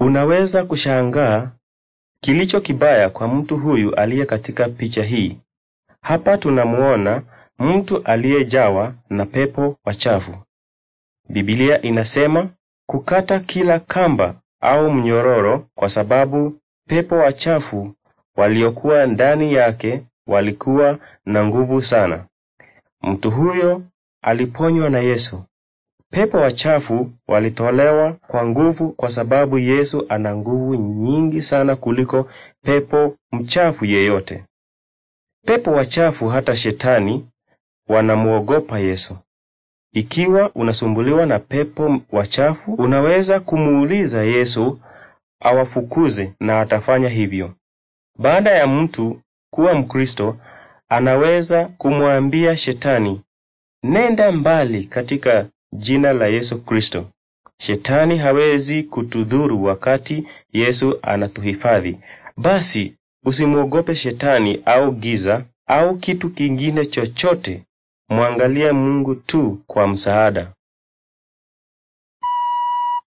Unaweza kushangaa kilicho kibaya kwa mtu huyu aliye katika picha hii. Hapa tunamuona mtu aliyejawa na pepo wachafu. Biblia inasema kukata kila kamba au mnyororo kwa sababu pepo wachafu waliokuwa ndani yake walikuwa na nguvu sana. Mtu huyo aliponywa na Yesu Pepo wachafu walitolewa kwa nguvu kwa sababu Yesu ana nguvu nyingi sana kuliko pepo mchafu yeyote. Pepo wachafu hata shetani wanamwogopa Yesu. Ikiwa unasumbuliwa na pepo wachafu, unaweza kumuuliza Yesu awafukuze na atafanya hivyo. Baada ya mtu kuwa Mkristo, anaweza kumwambia shetani, nenda mbali katika jina la Yesu Kristo. Shetani hawezi kutudhuru wakati Yesu anatuhifadhi. Basi usimwogope shetani au giza au kitu kingine chochote. Mwangalie Mungu tu kwa msaada.